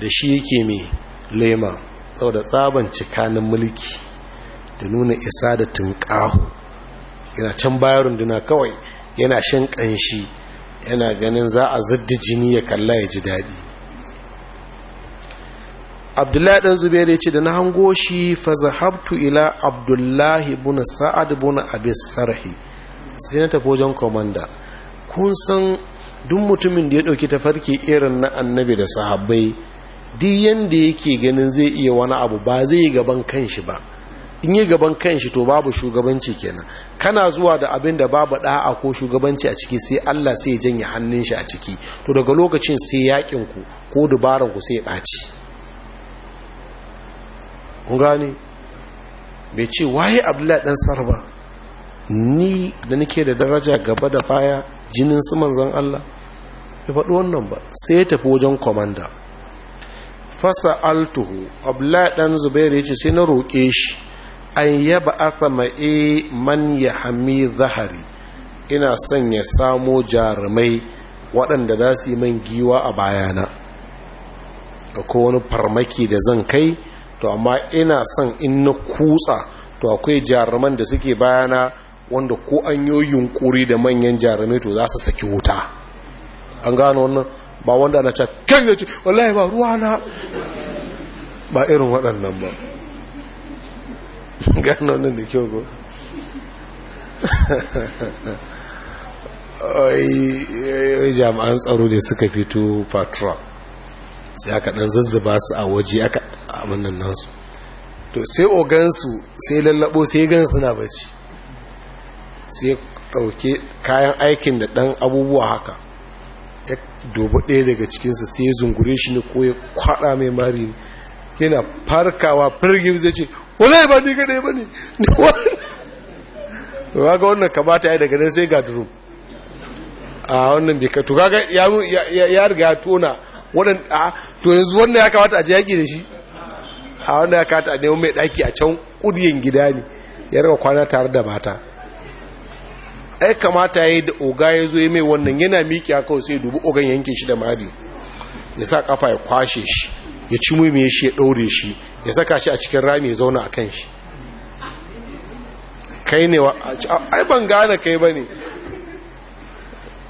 da shi yake mai lema saboda tsaban cikanin mulki da nuna isa da tunƙahu yana can bayan runduna kawai yana shan ƙanshi yana ganin za a zidda jini ya kalla ya ji daɗi abdullahi ɗan zubair ya ce da na hango shi fa zahabtu ila abdullahi buna sa'ad buna abis sarhi sai na tafi wajen komanda kun san duk mutumin da ya ɗauki tafarki irin na annabi da sahabbai duk yanda yake ganin zai iya wani abu ba zai yi gaban kanshi ba in yi gaban kanshi to babu shugabanci kenan kana zuwa da abin da babu da'a ko shugabanci a ciki sai Allah sai ya janye hannun shi a ciki to daga lokacin sai yakin ku ko dubaran sai ya ɓaci kun gani bai ce waye abdullahi dan sarba ni da nake da daraja gaba da baya jinin su manzon Allah ya faɗi wannan ba sai ya tafi wajen komanda fasa altuhu abdullahi dan zubairu ya ce sai na roƙe shi an yaba asa ma'e man ya hami zahari ina son ya samo jarumai waɗanda za su yi man giwa a bayana akwai wani farmaki da zan kai to amma ina son in na kutsa to akwai jaruman da suke bayana wanda ko an yi yunkuri da manyan jarumai to za su saki wuta an gano wannan ba wanda na ce kai da ce wallahi ba ruwa na ba irin waɗannan ba gano wannan da kyau ko jami'an tsaro ne suka fito patrol sai aka dan zazzuba su a waje aka abin nan nasu to sai ogansu sai lallabo sai gan suna bacci sai ɗauke kayan aikin da ɗan abubuwa haka ya dobo ɗaya daga cikinsa sai ya zungure shi ne ko ya kwaɗa mai mari yana farkawa firgim zai ce wala ba ni kaɗai ba ne ga wannan kamata ya daga nan sai ga drum a wannan bai to kaga ya riga ya tona waɗanda to yanzu wannan ya kamata a ji yaƙi da shi a wanda ya kata ne mai ɗaki a can ƙudiyin gida ne ya raba kwana tare da mata ai kamata ya yi da oga ya zo ya mai wannan yana miki a sai dubu ogan yankin shi da mari ya sa kafa ya kwashe shi ya ci mai shi ya ɗaure shi ya saka shi a cikin rami ya zauna a kan shi kai ne wa ai ban gane kai ba ne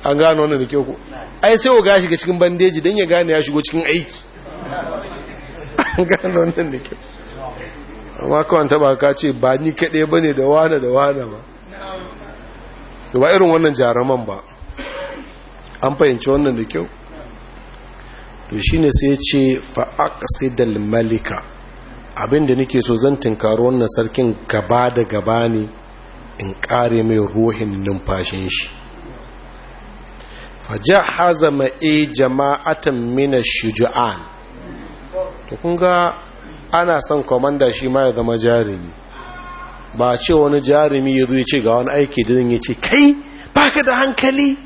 an gane wannan da ke ku ai sai oga shiga cikin bandeji don ya gane ya shigo cikin aiki gano wannan da kyau amma kawai taba ka ce ba ni kaɗai ba ne da wane da wane ba da ba irin wannan jaraman ba an fahimci wannan da kyau to shi ne sai ce fa'aƙasidal malika abinda nake so zan tinkaro wannan sarkin gaba da gaba ne in ƙare mai ruhin numfashin shi fajahaza ma'e jama'atan mina shuju'an to kun ga ana son komanda shi ma ya zama jarumi ba ce wani jarumi ya zuwa ce ga wani aiki da ya ce kai baka da hankali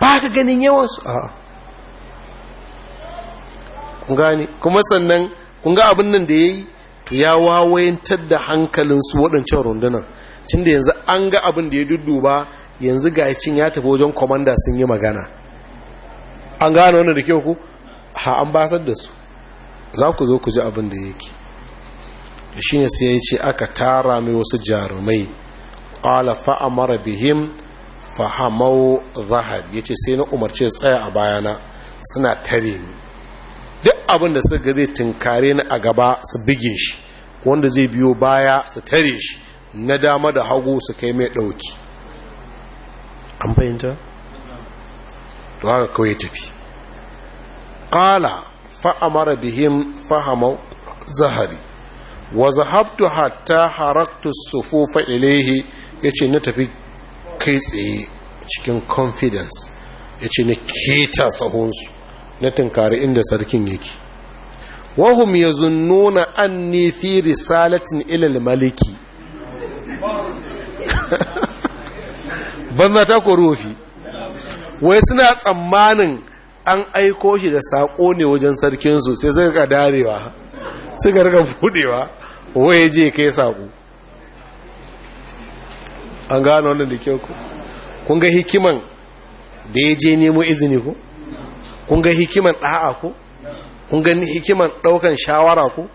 baka ganin yawansu a kun kuma sannan kun ga abin nan da ya yi to ya wawayantar da hankalinsu waɗancan rundunan cin da yanzu an ga abin da ya dudduba yanzu ga cin ya tafi wajen komanda sun yi magana an gane wani da kyau ku ha an basar da su za ku zo ku ji abin da yake shi ne sai ya ce aka tara mai wasu jarumai ƙwala fa'amara bihim fahamau zahar ya ce sai na umarci tsaya a bayana suna tare ni duk abin da suka zai tunkare ni a gaba su bige shi wanda zai biyo baya su tare shi na dama da hagu su kai mai ɗauki an fahimta? to haka kawai tafi ƙala mara bihim fahama zahari wa zahabtu hatta haraktu sufufa ilaihi yace na tafi kai tsaye cikin confidence yace na keta sahunsu na tunkari inda sarkin yake wahum yazunnuna anni fi risalatin ilal maliki banza ta korofi wai suna tsammanin an aiko shi da saƙo ne wajen sarkinsu sai suka ga darewa suka rika budewa waye je kai saƙo an gano wannan da kyau ku kun ga hikiman da ya je nemo izini ku kun ga hikiman ɗa'a ku kun ga hikiman ɗaukan shawara ku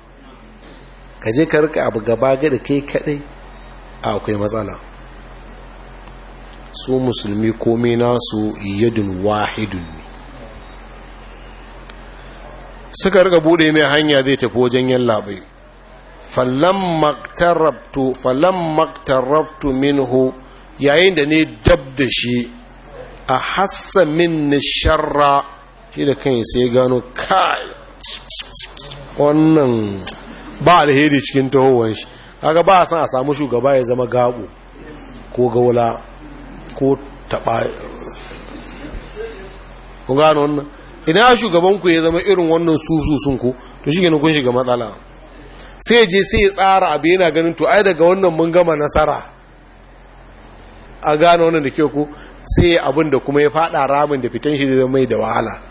ka je ka rika abu gaba ga da kai kaɗai a akwai matsala su musulmi komai nasu yadin wahidun ne suka rika bude mai hanya zai tafi wajen yin labai falon maktarraftu minhu yayin da ne dab da shi a hassa min nisharra shi da kan sai gano kai wannan ba alheri cikin tahowar shi kaga ba a san a samu shugaba ya zama gabu ko gaula ko taɓa ku gano wannan shugaban shugabanku ya zama irin wannan sususun ku to shi kun shiga matsala sai je sai ya tsara abu yana ganin to ai daga wannan mun gama nasara a gane wannan da ke ku sai abin da kuma ya fada ramin da fitan shi zai mai da wahala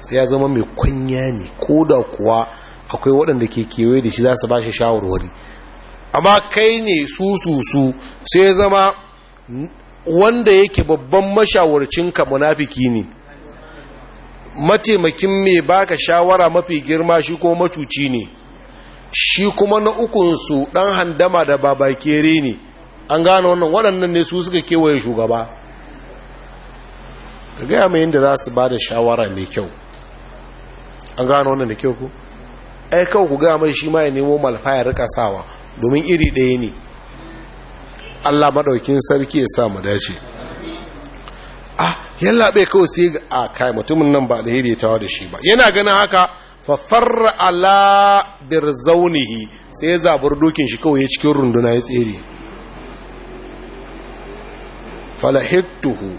sai ya zama mai kwanya ne ko da kuwa akwai waɗanda ke kewaye da shi za su ba shi shawarwari amma kai ne su su su sai ya zama wanda yake babban mashawarcinka munafiki ne mataimakin mai baka shawara mafi girma shi ko macuci ne shi kuma na ukunsu ɗan handama da babakere ne an gano wannan waɗannan ne su suka kewaye shugaba ka gaya mai yadda za su ba da shawara mai kyau an gano wannan da kyau ku ai kawo ku gaya mai shi ma ya nemo malfa ya rika sawa domin iri ɗaya ne allah maɗaukin sarki ya sa mu dace ah yalla bai kawai sai ga a kai mutumin nan ba alheri tawa da shi ba yana ganin haka fa farra ala birzaunihi sai ya zabar dokin shi kawai cikin runduna ya tsere falahittuhu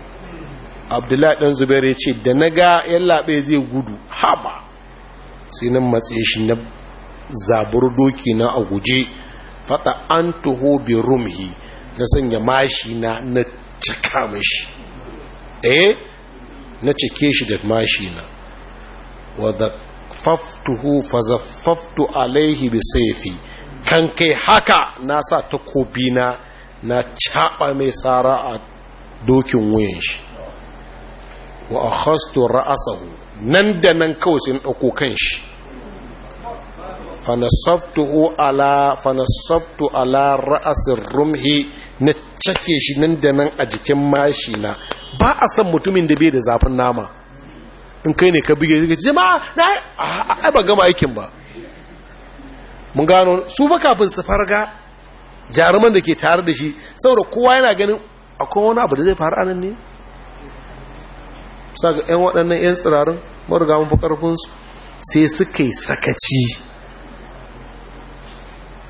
abdullahi dan zubair ya ce da naga yalla bai zai gudu haba sai nan matse shi na zabar doki na a guje fata an tuho rumhi na sanya mashi na na cika mashi eh na cike shi da mashina wa fa zaffaftu alaihi bi sayfi kan kai haka na sa takobi na na caba mai tsara a dokin wuyan shi wa akhastu ra'asahu nan da nan kawai sun ɗauko dauko kan shi fanasaftuhu ala ra'asin rumhi na cake shi nan da nan a jikin mashi na ba a san mutumin da bai da zafin nama in kai ne ka bige ka ce ma na ba gama aikin ba mun gano su ba kafin su farga jaruman da ke tare da shi saboda kowa yana ganin akwai wani abu da zai faru anan ne sa ga 'yan waɗannan 'yan tsirarin marigamun sai suka yi sakaci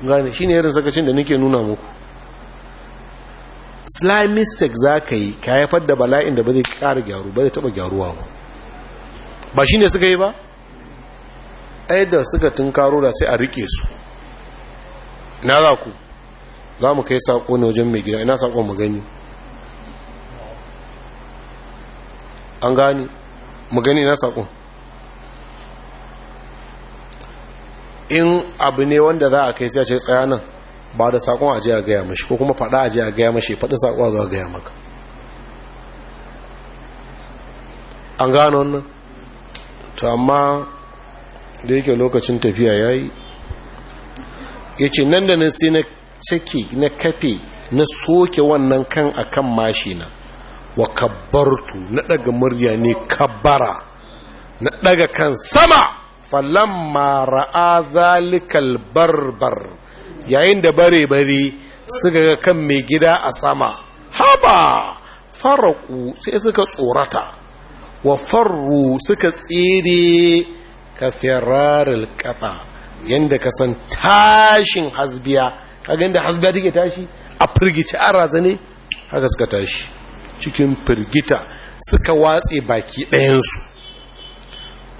gane shi ne irin sakacin da nake nuna muku sly mistake za ka yi ka haifar da bala'in da ba zai gyaru ba zai taɓa gyaruwa ba ba shi ne suka yi ba ai da suka tunkaro da sai a rike su ina za ku za mu kai saƙo ne wajen mai gida ina saƙon mu gani an gani mu gani ina saƙon in abu ne wanda za a kai sai a ce tsaya ba da sakon a je gaya mashi ko kuma faɗa a je a gaya mashi faɗi sakon a zuwa gaya maka an gano wannan to amma da yake lokacin tafiya ya yi ya ce nan da nan sai na cike na kafe na soke wannan kan a akan mashina wa kabbartu na daga murya ne kabbara na daga kan sama Falan ra'a zalikal barbar yayin da bare-bare suka ga kan mai gida a sama haba faraku sai suka tsorata wa farru suka tsere ka firarar kafa yadda ka san tashin hasbiya kaga yadda hasbiya take tashi a firgici a razane haka suka tashi cikin firgita suka watse baki ɗayansu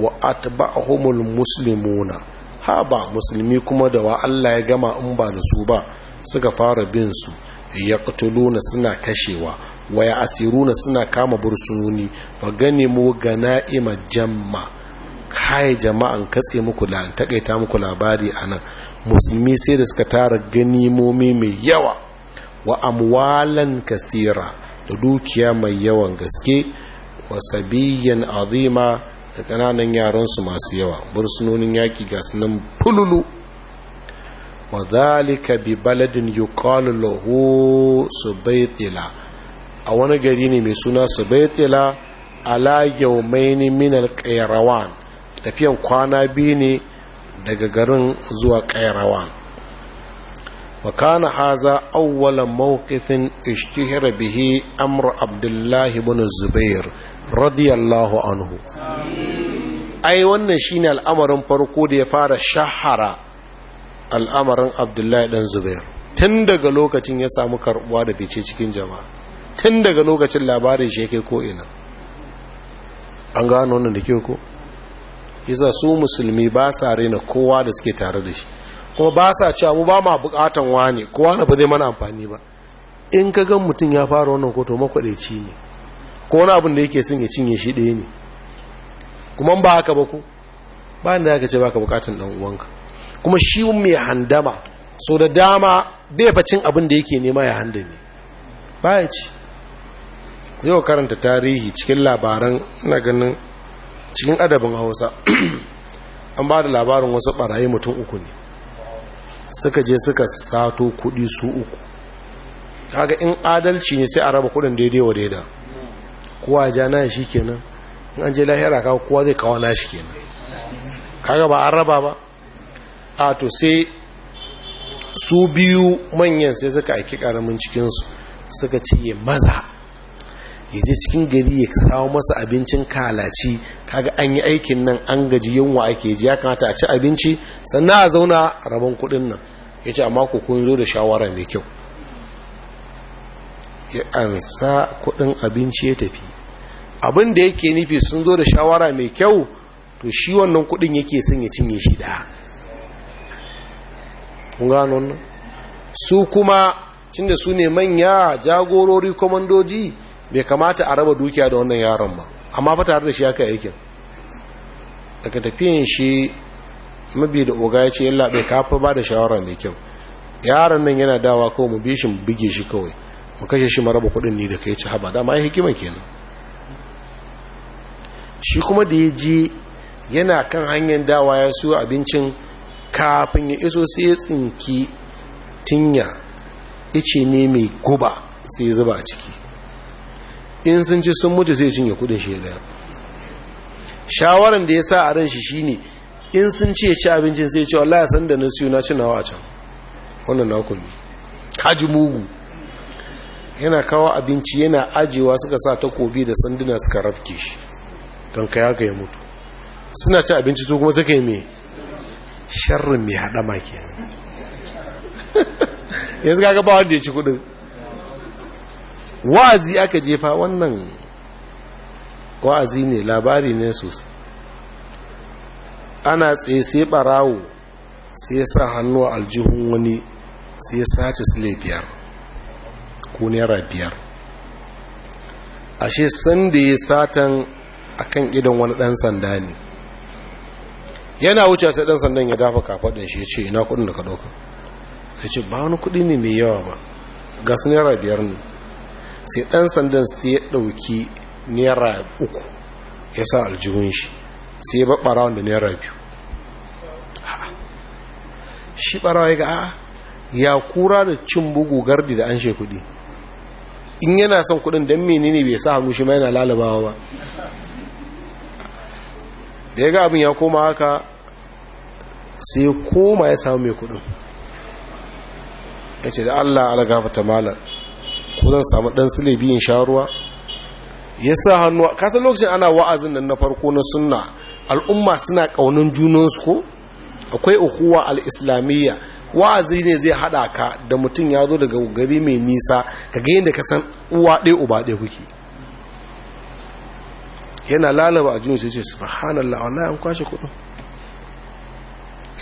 wa atba'ahumul muslimuna ha ba musulmi kuma da wa Allah ya gama in ba da su ba suka fara bin su yaqtuluna suna kashewa wa ya'siruna suna kama bursununi fa mu ganaima jamma kai jama'an katse muku la takaita muku labari anan musulmi sai da suka tara ganimomi mai yawa wa amwalan kasira da dukiya mai yawan gaske wa sabiyyan azima da ƙananan yaransu masu yawa bursunonin yaƙi ga sunan fululu wa zalika bi baladin yuqalu lahu subaytila a wani gari ne mai suna subaytila ala yawmaini min al-qayrawan tafiyan kwana biyu ne daga garin zuwa qayrawan wa kana haza awwala mawqifin ishtihara bihi amru Abdullahi ibn zubair radiyallahu anhu ai wannan shine al'amarin farko da ya fara shahara al'amarin abdullahi dan zubair tun daga lokacin ya samu karbuwa da fice cikin jama'a tun daga lokacin labarin shi yake ko ina an gano wannan da ke ko yasa su musulmi ba sa rena kowa da suke tare da shi kuma ba sa cewa mu ba ma bukatan wani kowa na ba zai mana amfani ba in ka ga mutum ya fara wannan ko to makwadeci ne ko wani abin da yake son ya cinye shi ɗaya ne kuma ba haka ba ku ba da ya ce ba ka bukatan ɗan uwanka kuma shi mai handama so da dama bai facin abin da yake nema ya handame ba ya ci yau karanta tarihi cikin labaran na ganin cikin adabin hausa an ba da labarin wasu barayi mutum uku ne suka je suka sato kuɗi su uku kaga in adalci ne sai a raba kuɗin daidai wa daidai kowa ja na shi kenan in an je lahira ka kowa zai kawo na shi kenan kaga ba an raba ba a to sai su biyu manyan sai suka aiki karamin cikinsu suka ce ya maza ya je cikin gari ya sawo masa abincin kalaci kaga an yi aikin nan an gaji yunwa ake ji ya kamata a ci abinci sannan a zauna rabon kudin nan ya ce amma kun zo da shawara mai kyau ya ansa kudin abinci ya tafi abin da yake nufi sun zo da shawara mai kyau to shi wannan kudin yake son ya cinye shi da su kuma da su ne manya jagorori komandoji bai kamata a raba dukiya da wannan yaron ba amma fata har da shi aka aikin daga tafiyan shi mabi da oga ya ce yalla bai kafa ba da shawara mai kyau yaron nan yana dawa kawai mu bi shi mu bige shi kawai mu kashe shi mu raba kuɗin ni da kai ci haba dama ai hikima kenan shi kuma da ya je yana kan hanyar dawa ya siyo abincin kafin ya iso sai ya tsinki tinya ice ne mai guba sai ya zuba a ciki in sun ci sun mutu sai ya cinye kudin shi daya shawaran da ya sa a ran shi ne. in sun ce ci abincin sai ce ya san da na siyo na ci nawa a can wannan na ne kaji mugu yana kawo abinci yana ajewa suka sa takobi da sanduna suka rafke shi kanka ya haka ya mutu suna ci abinci su kuma suka yi mai sharrin mai haɗa kenan yanzu kaga gaba wanda ya ci kudin wa'azi aka jefa wannan wa'azi ne labari ne sosai ana tsaye sai barawo sai ya sa hannu aljihun wani sai ya sace sile biyar ko naira biyar ashe sanda ya satan akan idan wani dan sanda ne yana wuce sai dan sandan ya dafa kafaɗin shi ya ce ina kudin da ka dauka sai ce ba wani kudi ne mai yawa ba gas naira biyar ne sai dan sandan sai ya dauki naira uku ya sa aljihun shi sai ya babbara wanda naira biyu shi barawa ya ga ya kura da cin bugu gardi da an she kuɗi? in yana son kuɗin don menene bai sa hannu shi ma yana lalabawa ba da ya ga abin ya koma haka sai koma ya samu mai kudin ya ce da allah ala ta malar ko zan samu dan sule biyun sharuwa ya sa hannuwa kasan lokacin ana wa'azin nan na farko na sunna al'umma suna kaunin junansu ko akwai ukuwa al'islamiyya wa'azi ne zai hada ka da mutum ya zo daga gari mai nisa ka ga yadda ka san uwa ɗaya uba ɗaya kuke yana lalaba a jini sai ce subhanallah wallahi an kwashe kudin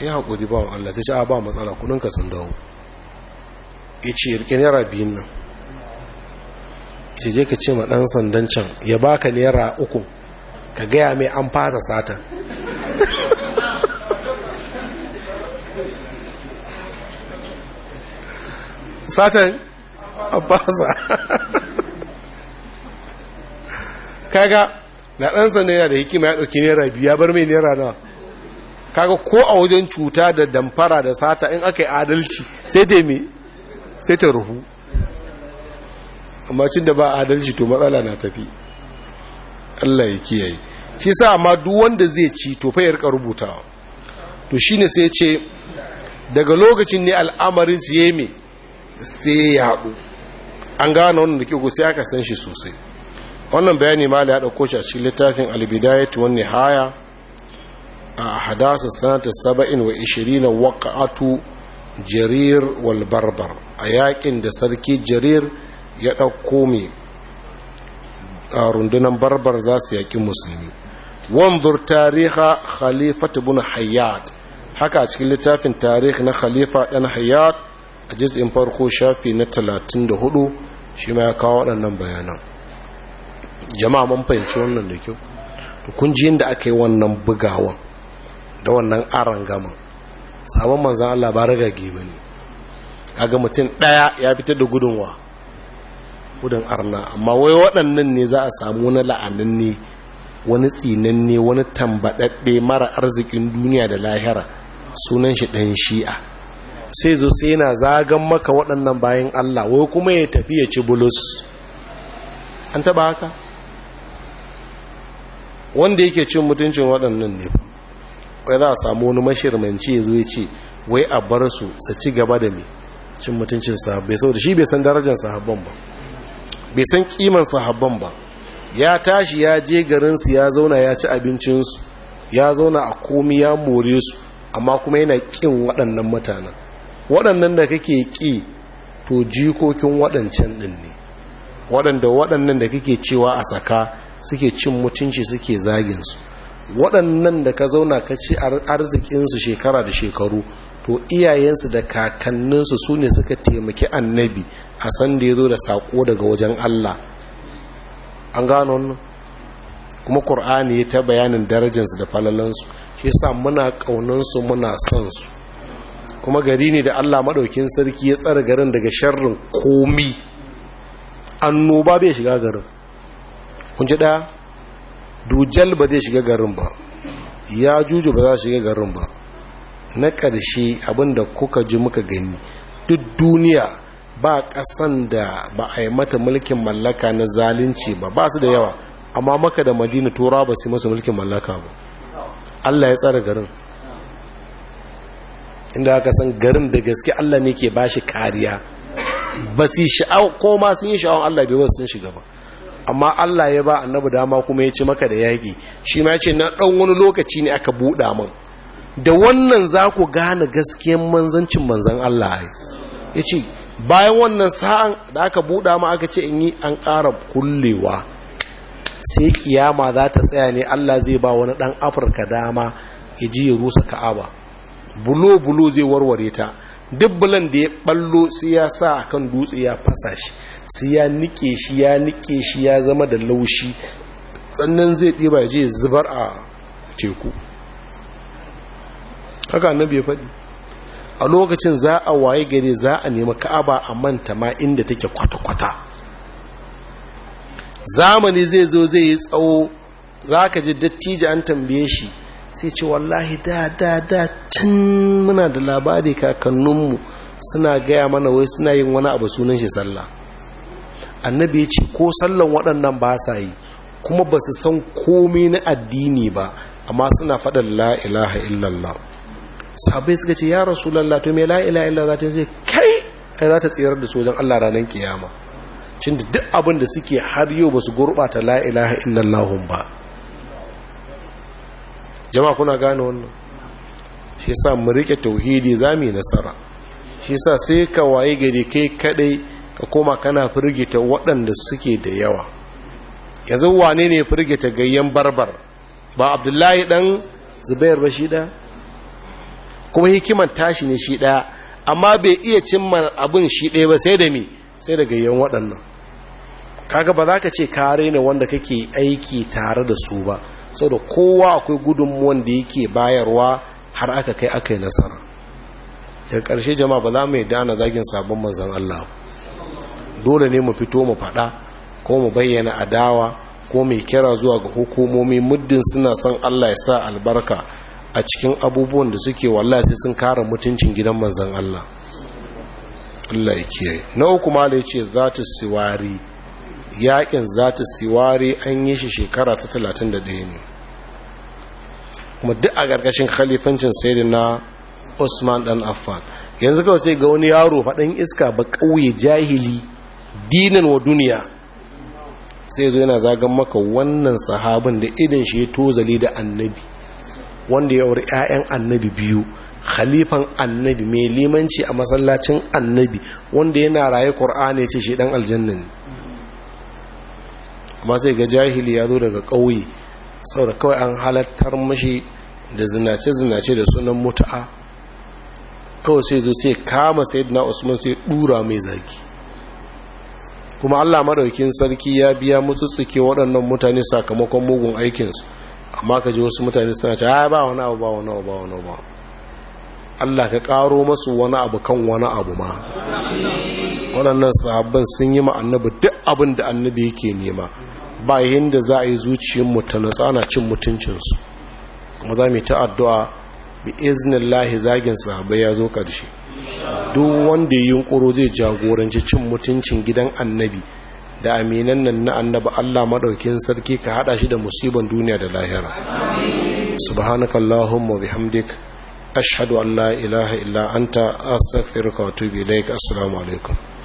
ya haƙuri ba wa Allah sai ce a ba matsala kudin ka sun dawo ya ce rike naira biyun nan yace ce je ka ce ma dan sandan can ya baka naira uku ka gaya mai an fasa satan satan an fasa kaga na ɗansa ne yana da hikima ya ɗauki naira biyu ya bar mai naira na kaga ko a wajen cuta da damfara da sata in aka yi adalci sai ta mai sai ta ruhu amma cin da ba adalci to matsala na tafi Allah ya kiyaye shi sa amma duk wanda zai ci to fayar ka rubutawa to shine sai ce daga lokacin ne al'amarin su yi mai sai ya haɗu an gane wannan da ke sai aka san shi sosai wannan bayani mala ya ɗauko shi a cikin littafin ta wan nihaya a hadasa sanata 27 waqa'atu jarir wal barbar a yakin da sarki jarir ya ɗauko mai a rundunan barbar za su yaki musulmi wanzur tariha khalifatu bin hayyat haka a cikin littafin tarihi na khalifa ɗan hayyat a jiz'in farko shafi na 34 shi ma ya kawo waɗannan bayanan jama'a mun fahimci wannan da kyau to kun ji inda aka yi wannan bugawan da wannan aran gama sabon manzan Allah ba raga gebe ne kaga mutum daya ya fitar da gudunwa gudun arna amma wai waɗannan ne za a samu na la'ananne wani tsinanne wani tambaɗaɗɗe mara arzikin duniya da lahira sunan shi ɗan shi'a sai zo sai yana zagan maka waɗannan bayan Allah wai kuma ya tafi ya ci bulus an taɓa haka wanda yake cin mutuncin waɗannan ne kai za a samu wani mashirmanci ya zuwa ce wai a bar su su ci gaba da mai cin mutuncin sahabbai da shi bai san darajar sahabban ba bai san kiman sahabban ba ya tashi ya je garinsu ya zauna ya ci abincinsu ya zauna a komi ya more su amma kuma yana ƙin waɗannan mutanen waɗannan da kake ƙi to jikokin waɗancan ɗin ne waɗanda waɗannan da kake cewa a saka suke cin mutunci suke zaginsu waɗannan da ka zauna ka ci arzikinsu shekara da shekaru to iyayensu da kakanninsu su ne suka taimaki annabi a san da ya zo da saƙo daga wajen Allah an gano wannan kuma ƙur'ani ya ta bayanin darajinsu da falalansu shi sa muna ƙaunansu muna son su kuma gari ne da Allah maɗaukin sarki ya tsara garin daga sharrin komi annoba bai shiga garin kun ji ɗaya dujal ba zai shiga garin ba ya juju ba za su shiga garin ba na ƙarshe abinda kuka ji muka gani duk duniya ba ƙasan da ba a yi mata mulkin mallaka na zalunci ba ba su da yawa amma maka da madina tura ba su masu mulkin mallaka ba allah ya tsara garin inda aka san garin da gaske allah ne ke ba shi kariya ba su yi ko ma sun yi sha'awar allah bai wasu sun shiga ba amma Allah ya ba annabi dama kuma ya ci maka da yaƙi shi ma ya ce na ɗan wani lokaci ne aka buɗa min da wannan za ku gane gaskiyan manzancin manzan Allah ya ce bayan wannan sa'an da aka buɗa min aka ce in yi an ƙara kullewa sai kiyama za ta tsaya ne Allah zai ba wani ɗan afirka dama ya ji ya rusa ka'aba bulo-bulo zai warware ta duk bulan da ya ɓallo sai ya sa akan dutse ya fasa shi sai ya nike shi ya nike shi ya zama da laushi sannan zai ɗiba je zubar a teku haka annabi ya faɗi a lokacin za a waye gare za a nemi ka'aba a manta ma inda take kwata-kwata zamani zai zo zai yi tsawo za ka ji dattijo an tambaye shi sai ce wallahi da da da can muna da labari kakanninmu suna gaya mana wai suna yin wani abu sunan shi sallah annabi ya ce ko sallan waɗannan ba sa yi kuma ba su san komai na addini ba amma suna faɗin la’ilaha illallah sabai suka ce ya rasu to me la illallah ta ce kai kai za ta tsirar da sojan Allah ranar kiyama cin da duk abin da suke har yau ba su gurɓata la illallah ba jama kuna gane wannan shi sa mu rike tauhidi za mu yi nasara shi sa sai ka waye gari kai kaɗai. ka koma kana firgita waɗanda suke da yawa yanzu wane ne firgita gayyen barbar ba abdullahi ɗan zubair ba shi ɗaya kuma hikimar tashi ne shi ɗaya amma bai iya cimma abin shi ɗaya ba sai da mi sai da gayyen waɗannan kaga ba za ka ce kare ne wanda kake aiki tare da su ba sau da kowa akwai gudunmuwan da yake bayarwa har aka kai aka yi nasara daga ƙarshe jama'a ba za mu yi dana zagin sabon manzan Allah ba dole ne mu fito mu faɗa ko mu bayyana adawa ko mai kira zuwa ga hukumomi muddin suna son Allah ya sa albarka a cikin abubuwan da suke wallahi sai sun kare mutuncin gidan manzon Allah Allah ya kiyaye na uku ma ya ce zata siwari yakin zata siwari an yi shi shekara ta 31 ne kuma duk a gargashin khalifancin na Usman dan Affan yanzu kawai sai ga wani yaro faɗin iska ba ƙauye jahili dinan wa duniya sai zo yana zagan maka wannan sahabin da idan shi ya tozali da annabi wanda ya wuri 'ya'yan annabi biyu khalifan annabi mai limanci a masallacin annabi wanda yana raye ƙur'ani ce shi ɗan aljanna ne amma sai ga jahili ya zo daga ƙauye saboda kawai an halartar mashi da zinace-zinace da sunan mutu'a kawai sai zo sai kama dina usman sai ɗura mai zaki kuma Allah maɗaukin sarki ya biya musu suke waɗannan mutane sakamakon mugun aikinsu amma ka ji wasu mutane suna ce ya ba wani abu ba wani abu ba wani abu Allah ka ƙaro masu wani abu kan wani abu ma waɗannan sahabban sun yi ma annabi duk abin da annabi yake nema ba da za a yi zuciyar mutane ana cin mutuncinsu kuma za mu yi ta addu'a bi zagin sahabbai ya zo ƙarshe duk wanda ya yunkuro zai jagoranci cin mutuncin gidan annabi da aminan nan na annaba Allah maɗaukin sarki ka haɗa shi da musibin duniya da lahira subhanakallahumma bihamdik ashhadu an la ilaha illa anta astaghfiruka wa atubu ilaik assalamu alaikum